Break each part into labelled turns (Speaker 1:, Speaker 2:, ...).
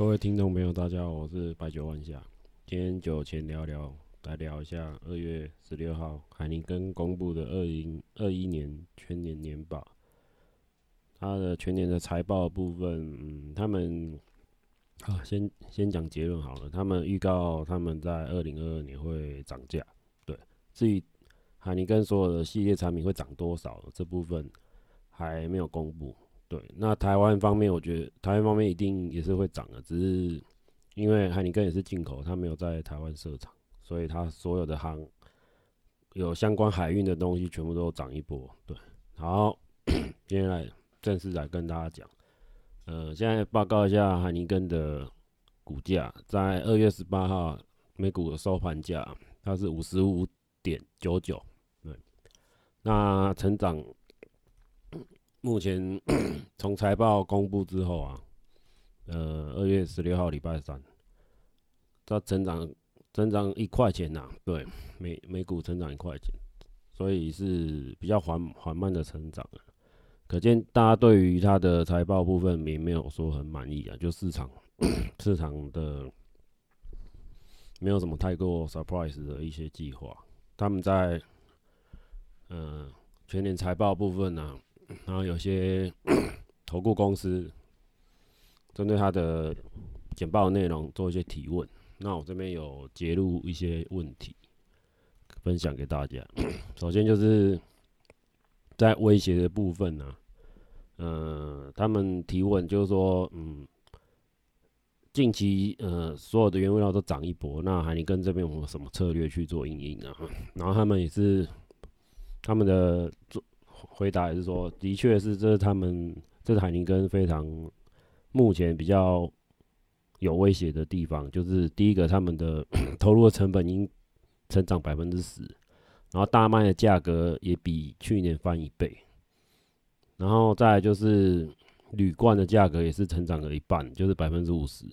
Speaker 1: 各位聽眾朋友，大家好，我是白酒萬象。今天酒前聊聊，來聊一下二月十六號海尼根公布的二零二一年全年年報。他的全年的財報的部分，嗯，他們啊，先先講結論好了。他們預告他們在二零二二年會漲價，對。至於海尼根所有的系列產品會漲多少，這部分還沒有公布。對，那台灣方面，我覺得台灣方面一定也是會漲的，只是因為海尼根也是進口，它沒有在台灣設廠，所以它所有的航有相關海運的東西，全部都漲一波。對，好， 今天來正式來跟大家講，呃，現在報告一下海尼根的股價，在二月十八號每股的收盤價，它是五十五點九九，對，那成長。目前從財報公布之後啊，呃，二月十六號禮拜三，它成長增長一塊錢吶、啊，對，每每股增長一塊錢，所以是比較緩緩慢的成長啊。可見大家對於它的財報部分，並沒有說很滿意啊。就市場 市場的沒有什麼太過 surprise 的一些計劃。他們在呃全年財報部分呢、啊。然後有些投顧公司針對他的簡報的內容做一些提問，那我這邊有截錄一些問題分享給大家。首先就是在威脅的部分呢、啊，呃，他們提問就是說，嗯，近期呃所有的原物料都漲一波，那海尼根這邊有什麼策略去做因應、啊、的？然後他們也是他們的做。回答也是說，的確是，這是他們，這是海尼根非常目前比較有威脅的地方。就是第一個，他們的投入的成本已成長百分之十，然後大麥的價格也比去年翻一倍，然後再來就是鋁罐的價格也是成長了一半，就是百分之五十。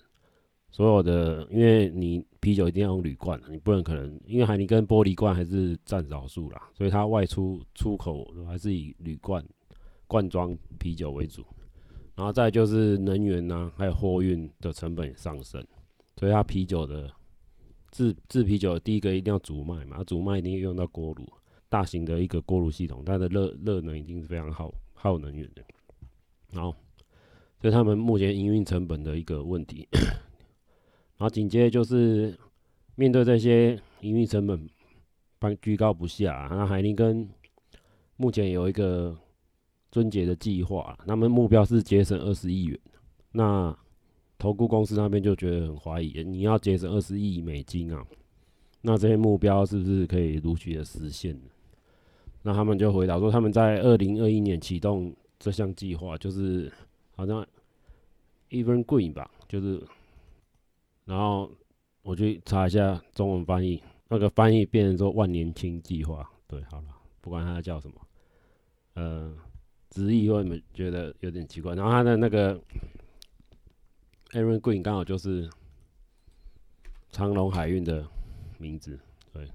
Speaker 1: 所有的，因為你啤酒一定要用鋁罐，你不然可能因為海尼根玻璃罐還是占少數啦，所以它外出出口還是以鋁罐罐裝啤酒為主。然後再就是能源吶、啊，還有貨運的成本也上升，所以它啤酒的制制啤酒的第一個一定要煮麥嘛，煮麥一定要用到鍋爐，大型的一個鍋爐系統，它的熱熱能一定是非常耗耗能源的。然後，這是他們目前營運成本的一個問題。 好，緊接著就是面對這些營運成本，幫居高不下、啊。那海尼根目前有一個撙節的計劃、啊，他們目標是節省二十億元。那投顧公司那邊就覺得很懷疑，你要節省二十億美金啊？那這些目標是不是可以如期的實現？那他們就回答說，他們在二零二一年啟動這項計劃，就是好像 EverGreen 吧，就是。然後我去查一下中文翻譯，那個翻譯變成說“萬年青計劃”。對，好了，不管它叫什麼，呃，直譯我們覺得有點奇怪。然後它的那個 Evergreen 剛好就是長榮海運的名字，對，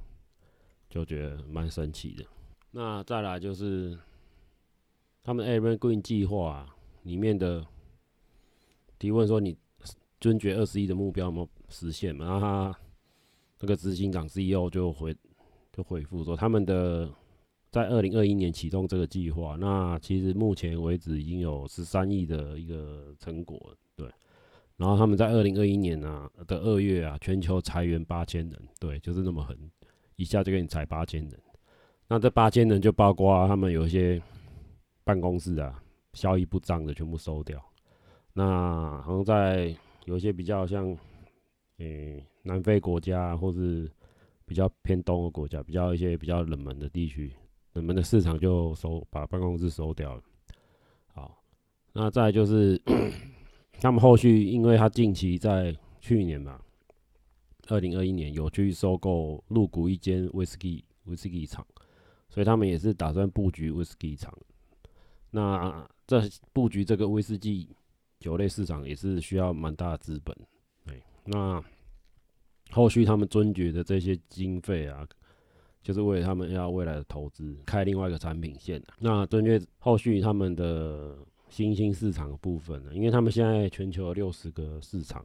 Speaker 1: 就覺得蠻神奇的。那再來就是他們 Evergreen 計劃啊，裡面的提問說你。尊爵二十一的目標有沒有實現嘛？然後他這個執行長 CEO 就回就回覆說，他們的在二零二一年啟動這個計劃，那其實目前為止已經有十三億的一個成果，對。然後他們在二零二一年呢、啊、的二月啊，全球裁員八千人，對，就是那麼狠，一下就給你裁八千人。那這八千人就包括他們有一些辦公室啊，效益不彰的全部收掉。那好像在有一些比較像，嗯、欸，南非國家，或是比較偏東的國家，比較一些比較冷門的地區，冷門的市場就收，把辦公室收掉了。好，那再就是，他們後續，因為他近期在去年嘛，二零二一年有去收購入股一間威士忌威士忌廠，所以他們也是打算布局威士忌廠。那這布局這個威士忌。酒類市場也是需要蠻的大資本，對。那後續他們撙節的這些經費啊，就是為了他們要未來的投資，開另外一個產品線啊。那針對後續他們的新興市場的部分呢，因為他們現在全球有六十個市場，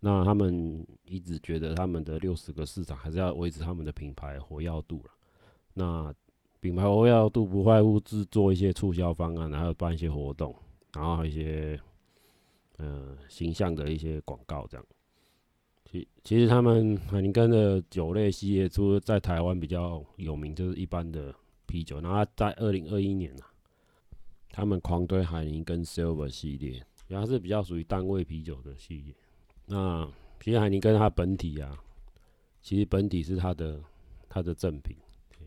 Speaker 1: 那他們一直覺得他們的六十個市場還是要維持他們的品牌活躍度了。那品牌活躍度不外乎制作一些促銷方案，然後辦一些活動，然後一些。呃，形象的一些廣告這樣。其其實他們海尼根的酒類系列，除了在台灣比較有名，就是一般的啤酒。那在二零二一年呢、啊，他們狂推海尼根 Silver 系列，然後是比較屬於淡味啤酒的系列。那其實海尼根它本體啊，其實本體是它的它的正品。對，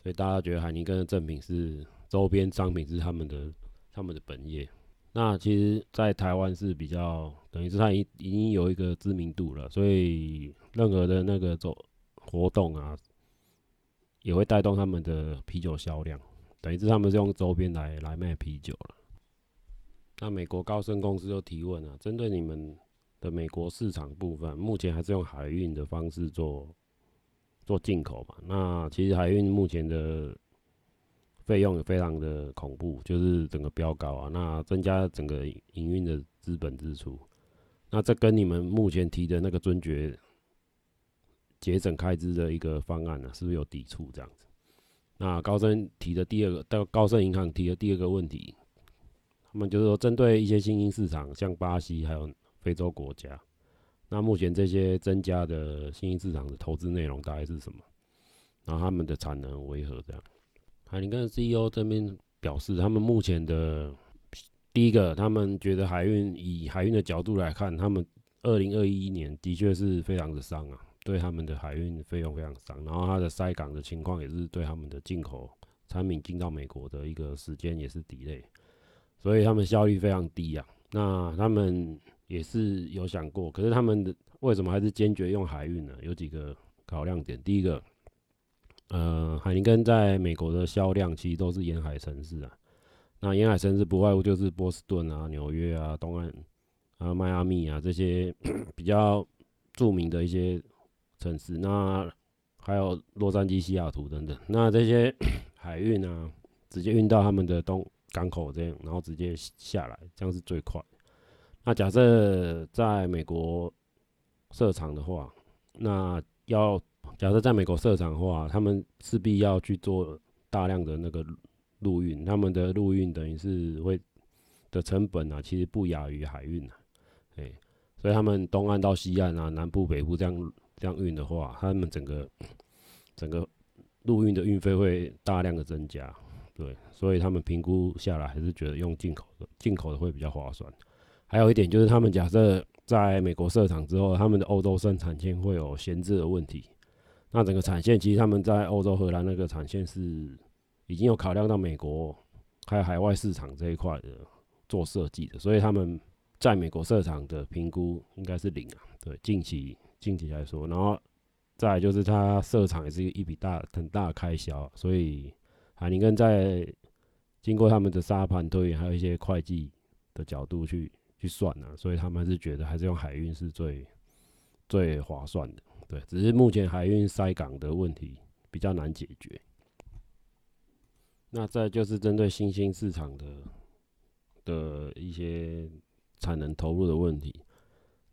Speaker 1: 所以大家覺得海尼根的正品是周邊商品，是他們的他們的本業。那其實，在台灣是比較等於是它已已經有一個知名度了，所以任何的那個走活動啊，也會帶動他們的啤酒銷量，等於是他們是用周邊來來賣啤酒了。那美國高盛公司就提問了啊，針對你們的美國市場部分，目前還是用海運的方式做做進口嘛？那其實海運目前的。費用也非常的恐怖，就是整個飆高啊，那增加整個營運的資本支出，那這跟你們目前提的那個撙節節省開支的一個方案呢、啊，是不是有抵觸這樣子？那高盛提的第二個，到高盛銀行提的第二個問題，他們就是說針對一些新興市場，像巴西還有非洲國家，那目前這些增加的新興市場的投資內容大概是什麼？然後他們的產能為何這樣？海尼根 CEO 這邊表示，他們目前的第一個，他們覺得海運以海運的角度來看，他們二零二一年的確是非常的傷啊，對他們的海運費用非常傷。然後，它的塞港的情況也是對他們的進口產品進到美國的一個時間也是 delay，所以他們效率非常低啊。那他們也是有想過，可是他們的為什麼還是堅決用海運呢？有幾個考量點，第一個。嗯、呃，海尼根在美國的銷量其實都是沿海城市啊。那沿海城市不外乎就是波士頓啊、紐約啊、東岸啊、邁阿密啊這些 比較著名的一些城市。那還有洛杉磯、西雅圖等等。那這些 海運啊，直接運到他們的東港口這樣，然後直接下來，這樣是最快。那假設在美國設廠的話，那要。假設在美國設廠的話，他們勢必要去做大量的那個陸運，他們的陸運等於是會的成本啊，其實不亞於海運啊，哎，所以他們東岸到西岸啊，南部北部這樣這樣運的話，他們整個整個陸運的運費會大量的增加，對，所以他們評估下來還是覺得用進口的進口的會比較划算。還有一點就是，他們假設在美國設廠之後，他們的歐洲生產線會有閒置的問題。那整個產線其實他們在歐洲荷蘭那個產線是已經有考量到美國還有海外市場這一塊的做設計的，所以他們在美國設廠的評估應該是零啊。對，近期近期來說，然後再來就是他設廠也是一筆大很大的開銷，所以海尼根在經過他們的沙盤推演還有一些會計的角度去去算呢、啊，所以他們是覺得還是用海運是最最划算的。對，只是目前海運塞港的問題比較難解決。那再就是針對新興市場的的一些產能投入的問題。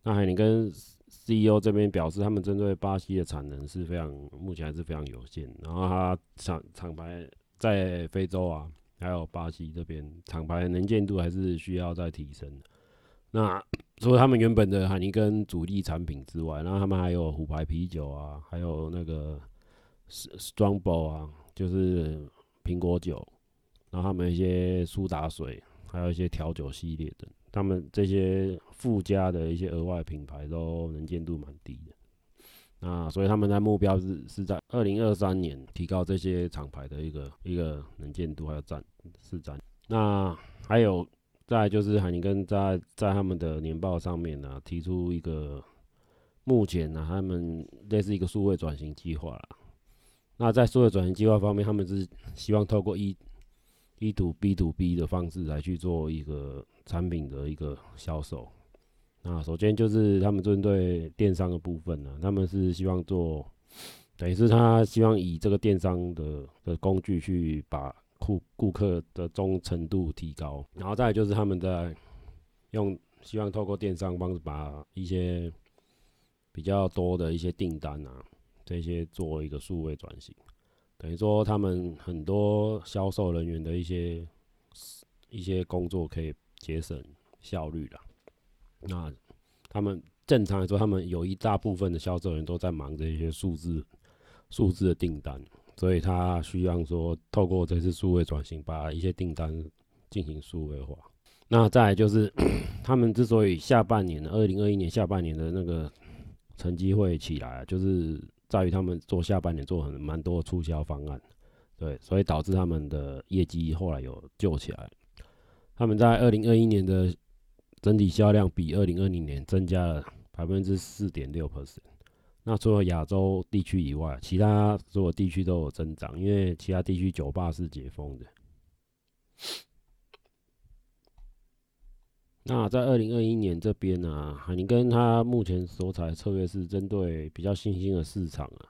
Speaker 1: 那海尼根 CEO 這邊表示，他們針對巴西的產能是非常，目前還是非常有限。然後他廠廠牌在非洲啊，還有巴西這邊廠牌能見度還是需要再提升。那除了他們原本的海尼根主力產品之外，然後他們還有虎牌啤酒啊，還有那個 Strongbow 啊，就是蘋果酒，然後他們一些蘇打水，還有一些調酒系列的，他們這些附加的一些額外品牌都能見度蠻低的。那所以他們的目標是是在二零二三年提高這些廠牌的一個一個能見度，還有佔市佔。那還有。再來就是海寧根在在他們的年報上面呢、啊，提出一個目前呢、啊，他們類似一個數位轉型計劃、啊。那在數位轉型計劃方面，他們是希望透過一一土 B 土 B 的方式來去做一個產品的一個銷售。那首先就是他們針對電商的部分呢、啊，他們是希望做，等於是他希望以這個電商的的工具去把。顧顧客的忠誠度提高，然後再就是他們在用，希望透過電商幫把一些比較多的一些訂單啊，這些做一個數位轉型，等於說他們很多銷售人員的一些一些工作可以節省效率了。那他們正常來說，他們有一大部分的銷售人員都在忙着一些數字數字的訂單。所以他需要說，透過這次數位轉型，把一些訂單進行數位化。那再來就是，他們之所以下半年，二零二一年下半年的那個成績會起來，就是在於他們做下半年做很蠻多的促銷方案，對，所以導致他們的業績後來有救起來。他們在二零二一年的整體銷量比二零二零年增加了百分之四點六 percent。那除了亞洲地區以外，其他所有地區都有增長，因為其他地區酒吧是解封的。那在二零二一年這邊呢、啊，海尼根他目前所採的策略是針對比較新興的市場啊，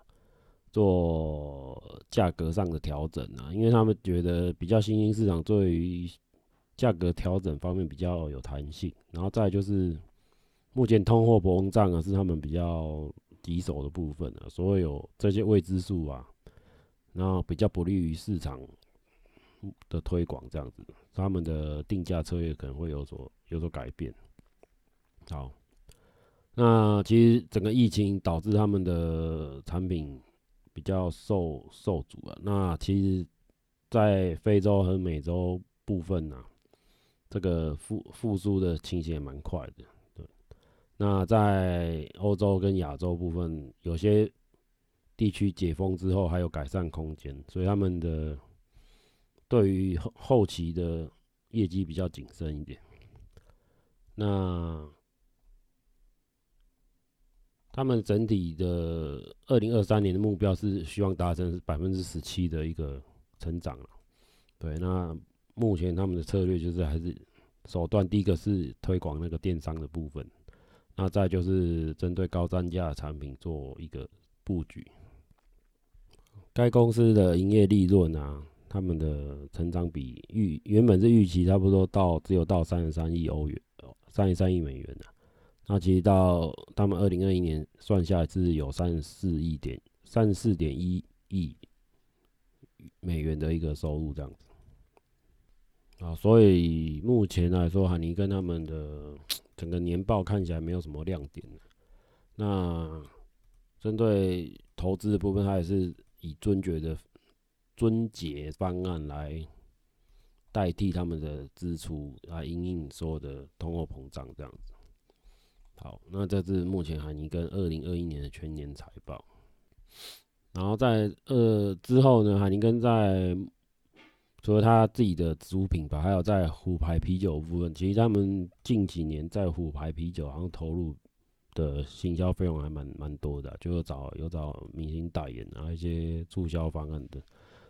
Speaker 1: 做價格上的調整啊，因為他們覺得比較新興市場對於價格調整方面比較有彈性。然後再就是，目前通貨膨脹啊，是他們比較。棘手的部分呢、啊，所有這些未知數啊，然後比較不利於市場的推廣，這樣子，他們的定價策略可能會有所有所改變。好，那其實整個疫情導致他們的產品比較受受阻啊。那其實，在非洲和美洲部分呢、啊，這個復復甦的情形也蠻快的。那在歐洲跟亞洲部分，有些地區解封之後還有改善空間，所以他們的對於後後期的業績比較謹慎一點。那他們整體的二零二三年的目標是希望達成百分之十七的一個成長，對，那目前他們的策略就是還是手段，第一個是推廣那個電商的部分。那再就是針對高單價的產品做一個佈局。該公司的營業利潤啊，他們的成長比預原本是預期差不多到只有到三十三億歐元，三十三億美元呢、啊。那其實到他們二零二一年算下來，是有三十四億點三十四點一億美元的一個收入這樣子。啊，所以目前來說，海尼根他們的。整個年報看起來沒有什麼亮點、啊、那針對投資的部分，它也是以尊爵的尊解方案來代替他們的支出來因應所有的通貨膨脹這樣子。好，那這是目前海尼根二零二一年的全年財報，然後在二、呃、之後呢，海尼根在。除了他自己的主品牌，還有在虎牌啤酒部分，其實他們近幾年在虎牌啤酒好像投入的行銷費用還蠻蠻多的，就有找有找明星代言，然後一些促銷方案的。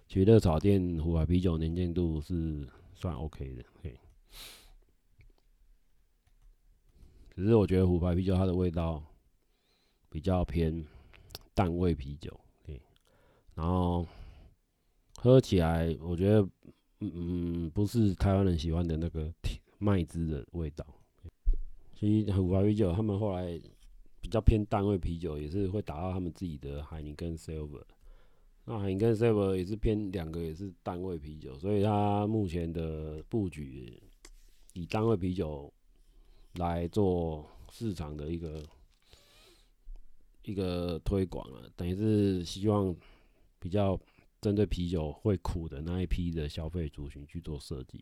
Speaker 1: 其實熱炒店虎牌啤酒能見度是算 OK 的 OK。只是我覺得虎牌啤酒它的味道比較偏淡味啤酒，對，然後。喝起來，我覺得，嗯嗯，不是台灣人喜歡的那個麥汁的味道。其實很懷啤酒他們後來比較偏淡味啤酒，也是會打到他們自己的海尼根跟 Silver。那海尼根跟 Silver 也是偏兩個也是淡味啤酒，所以他目前的布局以淡味啤酒來做市場的一個一個推廣啊，等於是希望比較。針對啤酒會苦的那一批的消費族群去做設計，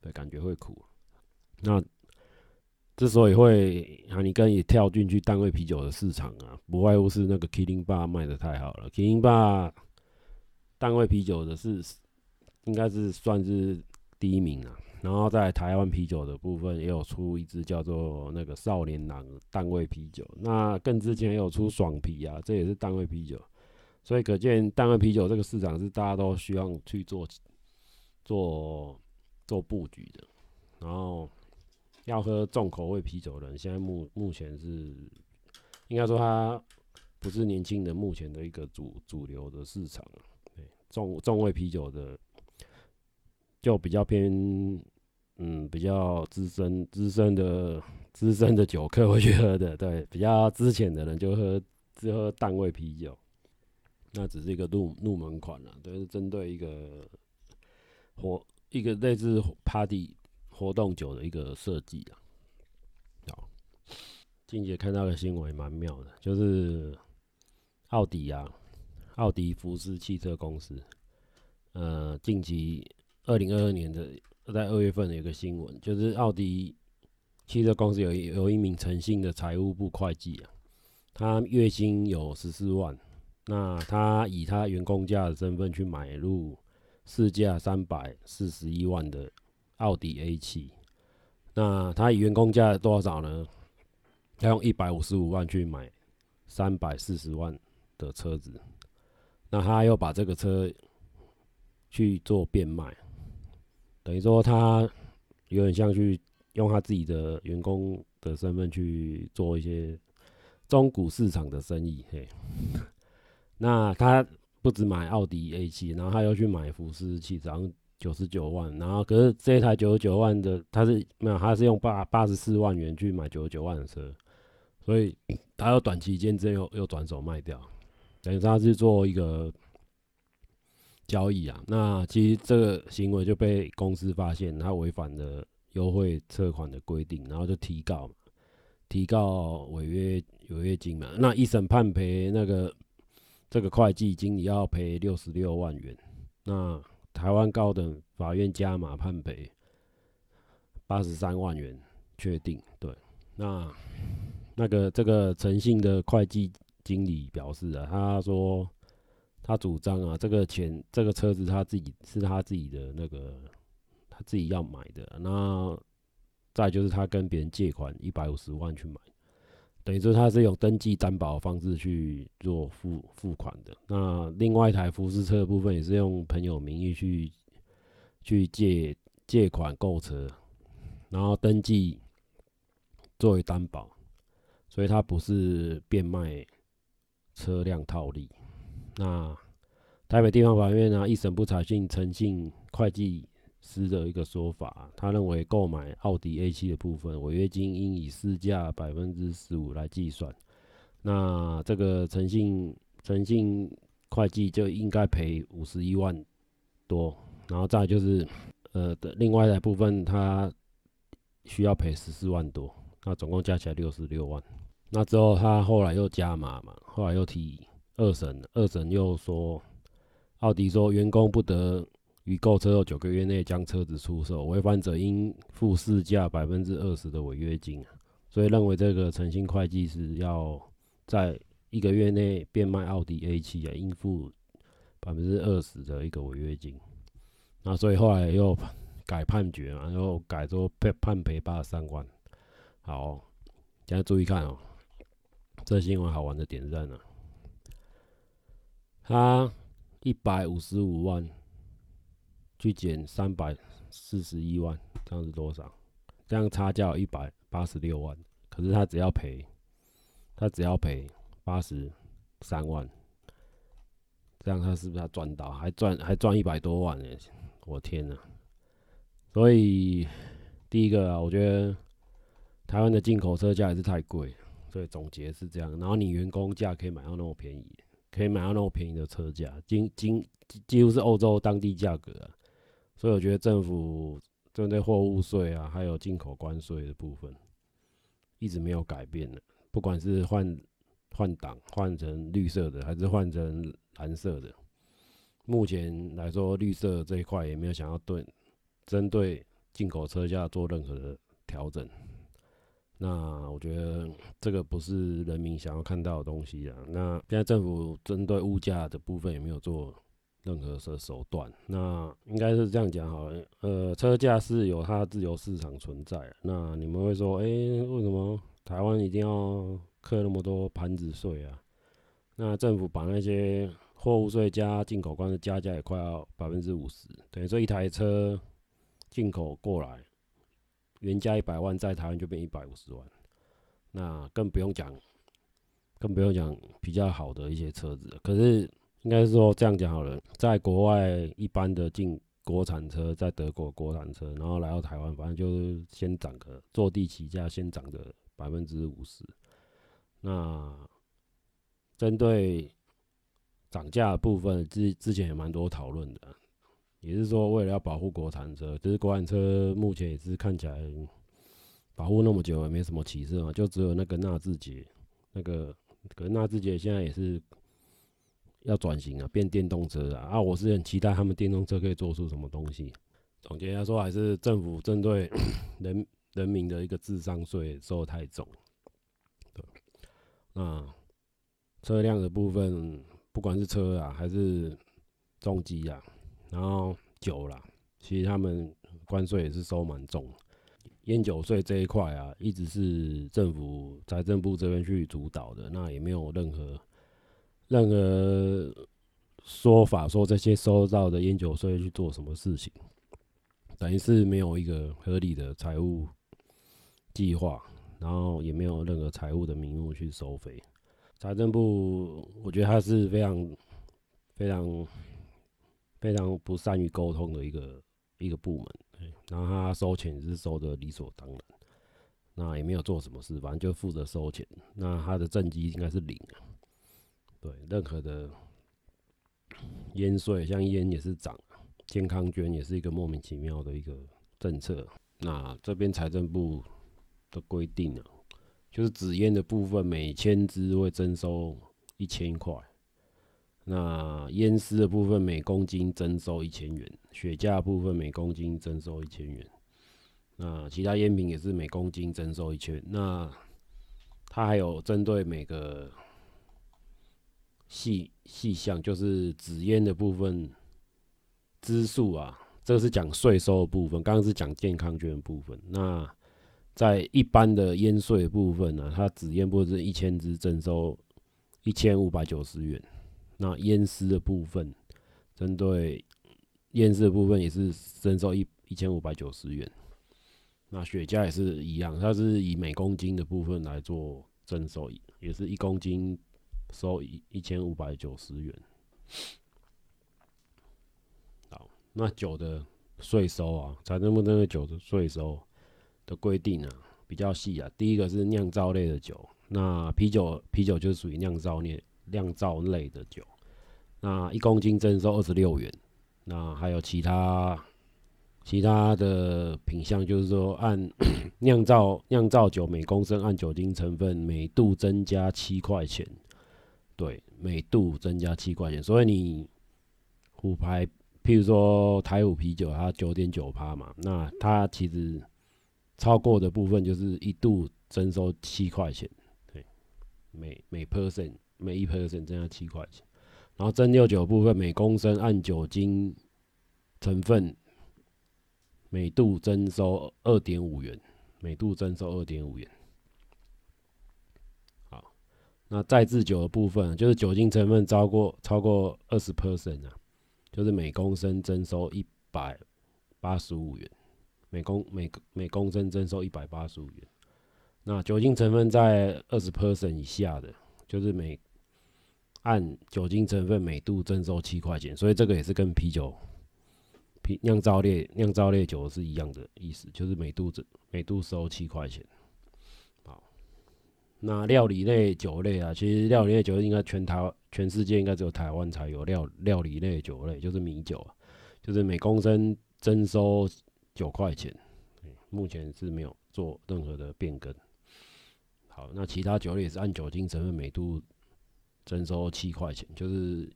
Speaker 1: 對，感覺會苦。那之所以會海尼根也跳進去淡味啤酒的市場啊，不外乎是那個麒麟霸賣得太好了，麒麟霸淡味啤酒的是應該是算是第一名啊。然後在台灣啤酒的部分也有出一支叫做那個少年郎淡味啤酒，那更之前也有出爽啤啊，這也是淡味啤酒。所以可見，淡味啤酒這個市場是大家都需要去做、做、做佈局的。然後，要喝重口味啤酒的人，現在目目前是應該說他不是年輕人目前的一個主主流的市場。對，重重味啤酒的就比較偏，嗯，比較資深資深的資深的酒客會去喝的。對，比較資淺的人就喝只喝淡味啤酒。那只是一個入入門款了、啊，就是針對一個活一個類似 party 活動酒的一個設計的。好，靜姐看到的新聞蠻妙的，就是奧迪啊，奧迪福斯汽車公司，嗯、呃，近期二零二二年的在二月份有個新聞，就是奧迪汽車公司有一有一名誠信的財務部會計啊，他月薪有十四萬。那他以他員工價的身份去買入市價三百四十一萬的奧迪 A 七，那他以員工價多少呢？他用一百五十五萬去買三百四十萬的車子，那他又把這個車去做變賣，等於說他有點像去用他自己的員工的身份去做一些中古市場的生意，嘿。那他不止買奧迪 A 七，然後他又去買福斯汽車總共九十九萬。然後，可是這一台九十九萬的，他是沒有，他是用八八十四萬元去買九十九萬的車，所以他要短期間之間又又轉手賣掉，等於他是做一個交易啊。那其實這個行為就被公司發現，他違反了優惠車款的規定，然後就提告，提告違約違約金嘛。那一審判賠那個。這個會計經理要賠六十六萬元，那台灣高等法院加碼判賠八十三萬元，確定。對，那那個這個誠信的會計經理表示啊，他說他主張啊，這個錢、這個車子他自己是他自己的那個，他自己要買的。那再就是他跟別人借款一百五十萬去買。等於說，它是用登記擔保的方式去做付付款的。那另外一台福士車的部分，也是用朋友名義去去借借款購車，然後登記作為擔保，所以它不是變賣車輛套利。那台北地方法院呢，一審不採信誠信會計。司的一個說法，他認為購買奧迪 A7 的部分違約金應以市價百分之十五來計算，那這個誠信誠信會計就應該賠五十一萬多，然後再就是呃的另外的部分，他需要賠十四萬多，那總共加起來六十六萬。那之後他後來又加碼嘛，後來又提二審，二審又說奧迪說員工不得，於購車後九個月內將車子出售，違反者應付市價百分之二十的違約金啊。所以認為這個誠信會計是要在一個月內變賣奧迪 A 七啊，應付百分之二十的一個違約金。那所以後來又改判決嘛，然後改做判賠八十三萬。好哦，現在注意看哦，這新聞好玩的點在哪？他一百五十五萬。去減三百四十一萬，這樣是多少？這樣差價有一百八十六萬。可是他只要賠，他只要賠八十三萬。這樣他是不是要賺到？還賺還賺一百多萬呢、欸。我天吶！所以第一個啊，我覺得台灣的進口車價還是太貴。所以總結是這樣。然後你員工價可以買到那麼便宜，可以買到那麼便宜的車價，近近幾乎是歐洲當地價格啊。所以我覺得政府針對貨物稅啊，還有進口關稅的部分，一直沒有改變了。不管是換換擋換成綠色的，還是換成藍色的，目前來說綠色這一塊也沒有想要對針對進口車價做任何的調整。那我覺得這個不是人民想要看到的東西啊。那現在政府針對物價的部分也沒有做。任何的手段，那應該是這樣講好了，呃，車價是有它自由市場存在。那你們會說，誒、欸，為什麼台灣一定要課那麼多盤子稅啊？那政府把那些貨物稅加進口關稅，加價也快要百分之五十，等於說一台車進口過來，原價一百萬，在台灣就變一百五十萬。那更不用講，更不用講比較好的一些車子，可是。應該說這樣講好了，在國外一般的進國產車，在德國國產車，然後來到台灣，反正就是先漲個坐地起價，先漲個百分之五十。那針對漲價部分，之之前也蠻多討論的，也是說為了要保護國產車，其實國產車目前也是看起來保護那麼久，也沒什麼起色嘛，就只有那個納智捷，那個可能納智捷現在也是。要轉型啊，變電動車啊，啊，我是很期待他們電動車可以做出什麼東西。總結來說，還是政府針對人人民的一個智商稅收得太重。對，那車輛的部分，不管是車啊，還是重機啊，然後酒啦啊，其實他們關稅也是收蠻重。菸酒稅這一塊啊，一直是政府財政部這邊去主導的，那也沒有任何。任何說法說這些收到的菸酒稅去做什麼事情，等於是沒有一個合理的財務計劃，然後也沒有任何財務的名目去收費。財政部，我覺得他是非常、非常、非常不善於溝通的一個一個部門。然後他收錢也是收的理所當然，那也沒有做什麼事，反正就負責收錢。那他的政績應該是零。對，任何的菸稅，像菸也是漲，健康捐也是一個莫名其妙的一個政策。那這邊財政部的規定啊，就是紙菸的部分每千支會徵收一千塊，那菸絲的部分每公斤徵收一千元，雪茄部分每公斤徵收一千元，那其他菸品也是每公斤徵收一千。那它還有針對每個。細細項就是紙煙的部分支數啊，這個是講稅收的部分。剛剛是講健康捐部分。那在一般的煙稅部分呢、啊，它紙煙部分是一千支徵收一千五百九十元。那煙絲的部分，針對煙絲的部分也是徵收一一千五百九十元。那雪茄也是一樣，它是以每公斤的部分來做徵收，也是一公斤。收一一千五百九十元。好，那酒的稅收啊，財政部那個酒的稅收的規定啊，比較細啊。第一個是釀造類的酒，那啤酒啤酒就是屬於釀造類釀造類的酒，那一公斤徵收二十六元。那還有其他其他的品項，就是說按釀造釀造酒每公升按酒精成分每度增加七塊錢。對，每度增加七塊錢，所以你虎牌，譬如說台虎啤酒它 9. 9，它九點九趴嘛，那它其實超過的部分就是一度徵收七塊錢，對，每每 percent 每一 percent 增加七塊錢，然後蒸餾酒部分每公升按酒精成分，每度徵收二點五元，每度徵收二點五元。那再製酒的部分，就是酒精成分超過超過二十 percent 啊，就是每公升徵收一百八十五元，每公每每公升徵收一百八十五元。那酒精成分在二十 percent 以下的，就是每按酒精成分每度徵收七塊錢，所以這個也是跟啤酒、啤釀造烈釀造烈酒是一樣的意思，就是每度每度收七塊錢。那料理類酒類啊，其實料理類酒類應該全台全世界應該只有台灣才有料料理類酒類，就是米酒啊，就是每公升徵收九塊錢，目前是沒有做任何的變更。好，那其他酒類也是按酒精成分每度徵收七塊錢，就是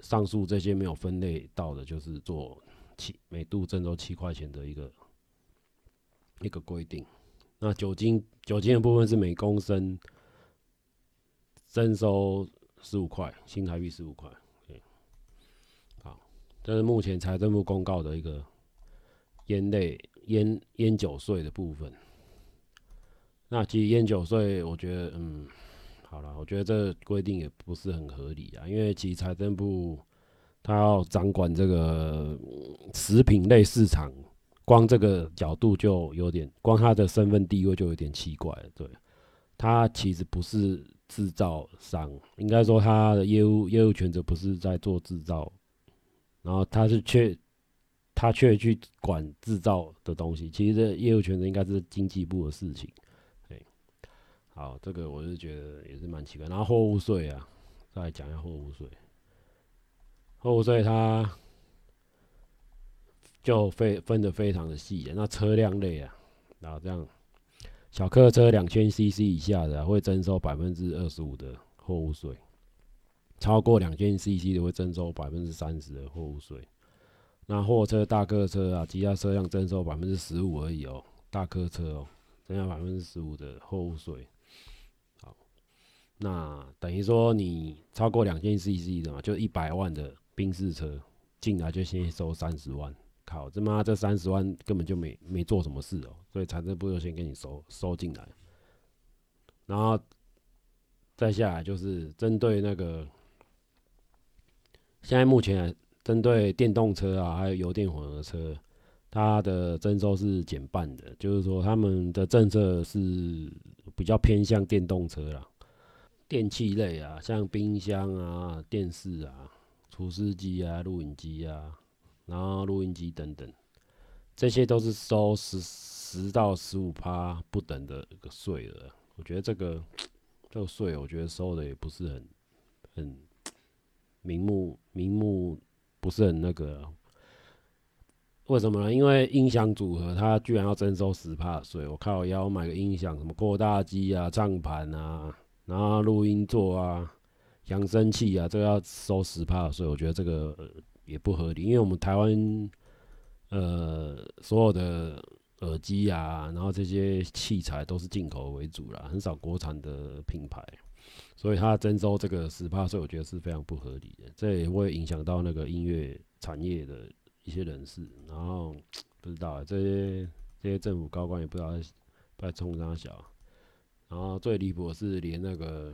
Speaker 1: 上述這些沒有分類到的，就是做七每度徵收七塊錢的一個一個規定。那酒精，酒精的部分是每公升徵收十五塊新台幣，十五塊。對，好，這是目前財政部公告的一個菸類、菸菸酒稅的部分。那其實菸酒稅，我覺得，嗯，好了，我覺得這規定也不是很合理啊，因為其實財政部他要掌管這個食品類市場。光這個角度就有點，光他的身份地位就有點奇怪了。對他其實不是制造商，應該說他的業務業務權責不是在做制造，然後他是卻他卻去管制造的東西，其實這業務權責應該是經濟部的事情。對，好，這個我是覺得也是蠻奇怪。然後貨物稅啊，再來講一下貨物稅。貨物稅它。就分分得非常的細啊，那車輛類啊，然後這樣小客車兩千 CC 以下的，啊、會徵收百分之二十五的貨物稅，超過兩千 CC 的會徵收百分之三十的貨物稅。那貨車、大客車啊，其他車輛徵收百分之十五而已哦。大客車哦，增加百分之十五的貨物稅。好，那等於說你超過兩千 CC 的嘛，就一百萬的賓士車進來就先收三十萬。嗯靠，這媽這三十萬根本就沒沒做什麼事哦、喔，所以財政部就先給你收收進來。然後，再下來就是針對那個，現在目前針對電動車啊，還有油電混合車，它的徵收是減半的，就是說他們的政策是比較偏向電動車啦。電器類啊，像冰箱啊、電視啊、除濕機啊、錄影機啊。然後錄音機等等，這些都是收十十到十五趴不等的一個稅了。我覺得這個這個稅，我覺得收的也不是很很明目明目，明目不是很那個、啊。為什麼呢？因為音響組合它居然要徵收十趴稅！我靠！要買個音響，什麼擴大機啊、唱盤啊、然後錄音座啊、揚聲器啊，這個要收十趴稅，我覺得這個。呃也不合理，因為我們台灣，呃，所有的耳機啊，然後這些器材都是進口為主啦，很少國產的品牌，所以它徵收這個10%，我覺得是非常不合理的，這也會影響到那個音樂產業的一些人士。然後不知道、欸、這些這些政府高官也不知道在衝什麼小。然後最離譜的是連那個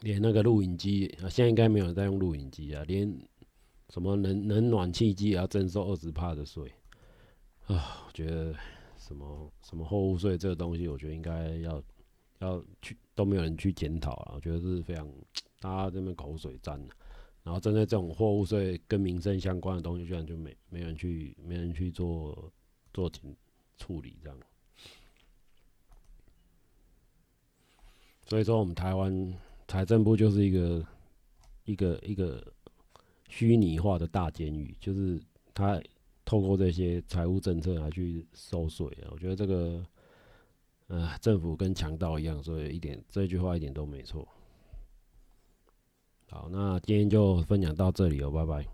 Speaker 1: 連那個錄影機啊，現在應該沒有人在用錄影機啊，連。什麼冷冷暖氣機也要徵收二十趴的稅，啊，我覺得什麼什麼貨物稅這個東西，我覺得應該要要去都沒有人去檢討啊，我覺得這是非常大家這邊口水戰、啊、然後針對這種貨物稅跟民生相關的東西，居然就沒沒人去沒人去做做檢處理這樣。所以說，我們台灣財政部就是一個一個一個。一個虛擬化的大監獄，就是他透過這些財務政策來去收稅啊。我覺得這個，呃，政府跟強盜一樣，所以一點這句話一點都沒錯。好，那今天就分享到這裡了哦，拜拜。